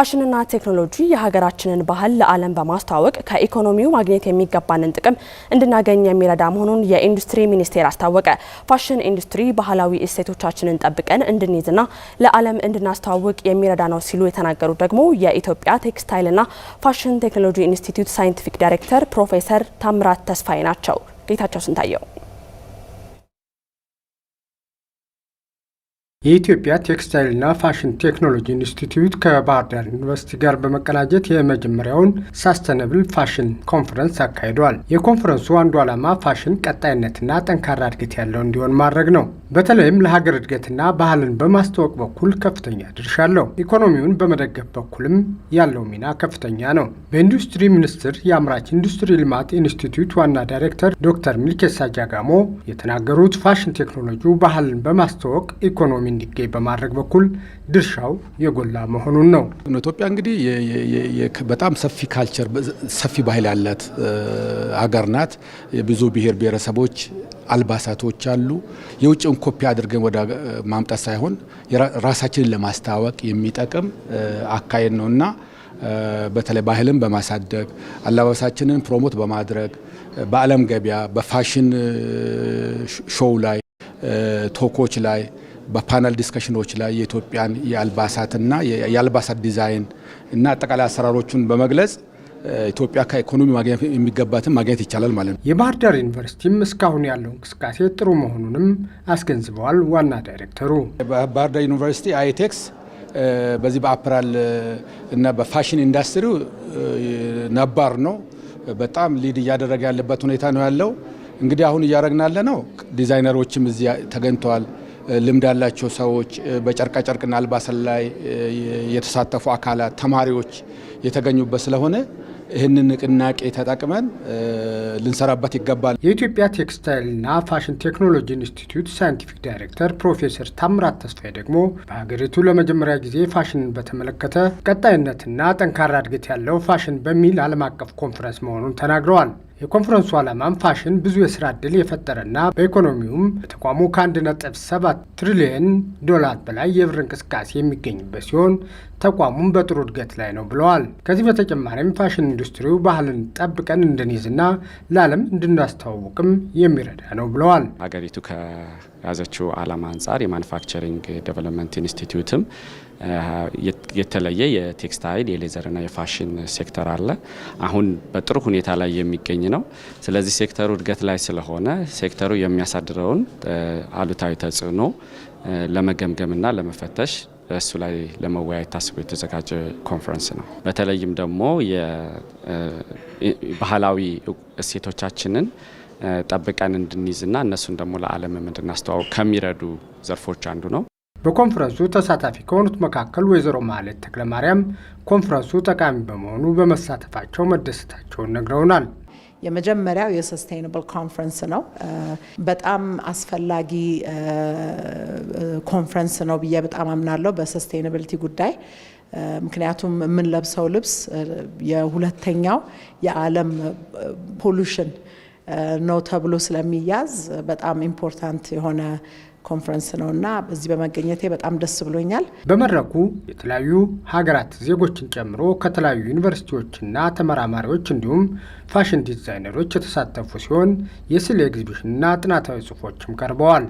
ፋሽንና ቴክኖሎጂ የሀገራችንን ባህል ለዓለም በማስተዋወቅ ከኢኮኖሚው ማግኘት የሚገባንን ጥቅም እንድናገኝ የሚረዳ መሆኑን የኢንዱስትሪ ሚኒስቴር አስታወቀ። ፋሽን ኢንዱስትሪ ባህላዊ እሴቶቻችንን ጠብቀን እንድንይዝና ለዓለም እንድናስተዋውቅ የሚረዳ ነው ሲሉ የተናገሩት ደግሞ የኢትዮጵያ ቴክስታይልና ፋሽን ቴክኖሎጂ ኢንስቲትዩት ሳይንቲፊክ ዳይሬክተር ፕሮፌሰር ታምራት ተስፋዬ ናቸው። ጌታቸው ስንታየው የኢትዮጵያ ቴክስታይልና ፋሽን ቴክኖሎጂ ኢንስቲትዩት ከባህር ዳር ዩኒቨርሲቲ ጋር በመቀናጀት የመጀመሪያውን ሳስተነብል ፋሽን ኮንፈረንስ አካሂደዋል። የኮንፈረንሱ አንዱ ዓላማ ፋሽን ቀጣይነትና ጠንካራ እድገት ያለው እንዲሆን ማድረግ ነው። በተለይም ለሀገር እድገትና ባህልን በማስተዋወቅ በኩል ከፍተኛ ድርሻ አለው። ኢኮኖሚውን በመደገፍ በኩልም ያለው ሚና ከፍተኛ ነው። በኢንዱስትሪ ሚኒስቴር የአምራች ኢንዱስትሪ ልማት ኢንስቲትዩት ዋና ዳይሬክተር ዶክተር ሚልኬሳ ጃጋሞ የተናገሩት ፋሽን ቴክኖሎጂ ባህልን በማስተዋወቅ ኢኮኖሚ እንዲገኝ በማድረግ በኩል ድርሻው የጎላ መሆኑን ነው። ኢትዮጵያ እንግዲህ በጣም ሰፊ ካልቸር፣ ሰፊ ባህል ያላት ሀገር ናት። የብዙ ብሔር ብሔረሰቦች አልባሳቶች አሉ። የውጭውን ኮፒ አድርገን ወደ ማምጣት ሳይሆን ራሳችንን ለማስተዋወቅ የሚጠቅም አካሄድ ነው እና በተለይ ባህልን በማሳደግ አለባበሳችንን ፕሮሞት በማድረግ በዓለም ገበያ በፋሽን ሾው ላይ ቶኮች ላይ በፓነል ዲስከሽኖች ላይ የኢትዮጵያን የአልባሳትና የአልባሳት ዲዛይን እና አጠቃላይ አሰራሮቹን በመግለጽ ኢትዮጵያ ከኢኮኖሚ የሚገባትን ማግኘት ይቻላል ማለት ነው። የባህር ዳር ዩኒቨርሲቲም እስካሁን ያለው እንቅስቃሴ ጥሩ መሆኑንም አስገንዝበዋል ዋና ዳይሬክተሩ። ባህር ዳር ዩኒቨርሲቲ አይቴክስ በዚህ በአፕራል እና በፋሽን ኢንዱስትሪው ነባር ነው። በጣም ሊድ እያደረገ ያለበት ሁኔታ ነው ያለው። እንግዲህ አሁን እያደረግን ያለ ነው። ዲዛይነሮችም እዚያ ተገኝተዋል። ልምድ ያላቸው ሰዎች፣ በጨርቃጨርቅና አልባሳት ላይ የተሳተፉ አካላት፣ ተማሪዎች የተገኙበት ስለሆነ ይህንን ንቅናቄ ተጠቅመን ልንሰራበት ይገባል። የኢትዮጵያ ቴክስታይልና ፋሽን ቴክኖሎጂ ኢንስቲትዩት ሳይንቲፊክ ዳይሬክተር ፕሮፌሰር ታምራት ተስፋዬ ደግሞ በሀገሪቱ ለመጀመሪያ ጊዜ ፋሽንን በተመለከተ ቀጣይነትና ጠንካራ እድገት ያለው ፋሽን በሚል ዓለም አቀፍ ኮንፈረንስ መሆኑን ተናግረዋል። የኮንፈረንሱ ዓላማም ፋሽን ብዙ የስራ ዕድል የፈጠረና በኢኮኖሚውም በተቋሙ ከአንድ ነጥብ ሰባት ትሪሊየን ዶላር በላይ የብር እንቅስቃሴ የሚገኝበት ሲሆን ተቋሙም በጥሩ እድገት ላይ ነው ብለዋል። ከዚህ በተጨማሪም ፋሽን ኢንዱስትሪው ባህልን ጠብቀን እንድንይዝና ለዓለም እንድናስተዋውቅም የሚረዳ ነው ብለዋል። ሀገሪቱ ከያዘችው ዓላማ አንጻር የማኑፋክቸሪንግ ዴቨሎፕመንት ኢንስቲትዩትም የተለየ የቴክስታይል የሌዘርና የፋሽን ሴክተር አለ። አሁን በጥሩ ሁኔታ ላይ የሚገኝ ነው። ስለዚህ ሴክተሩ እድገት ላይ ስለሆነ ሴክተሩ የሚያሳድረውን አሉታዊ ተጽዕኖ ለመገምገምና ለመፈተሽ እሱ ላይ ለመወያየት ታስቦ የተዘጋጀ ኮንፈረንስ ነው። በተለይም ደግሞ ባህላዊ እሴቶቻችንን ጠብቀን እንድንይዝና እነሱን ደግሞ ለአለም እንድናስተዋውቅ ከሚረዱ ዘርፎች አንዱ ነው። በኮንፈረንሱ ተሳታፊ ከሆኑት መካከል ወይዘሮ ማህሌት ተክለማርያም ኮንፈረንሱ ጠቃሚ በመሆኑ በመሳተፋቸው መደሰታቸውን ነግረውናል። የመጀመሪያው የሰስቴይነብል ኮንፈረንስ ነው። በጣም አስፈላጊ ኮንፈረንስ ነው ብዬ በጣም አምናለሁ በሰስቴይነብሊቲ ጉዳይ ምክንያቱም የምንለብሰው ልብስ የሁለተኛው የዓለም ፖሉሽን ነው ተብሎ ስለሚያዝ በጣም ኢምፖርታንት የሆነ ኮንፈረንስ ነው እና በዚህ በመገኘቴ በጣም ደስ ብሎኛል። በመድረኩ የተለያዩ ሀገራት ዜጎችን ጨምሮ ከተለያዩ ዩኒቨርሲቲዎችና ተመራማሪዎች እንዲሁም ፋሽን ዲዛይነሮች የተሳተፉ ሲሆን የስዕል ኤግዚቢሽንና ጥናታዊ ጽሁፎችም ቀርበዋል።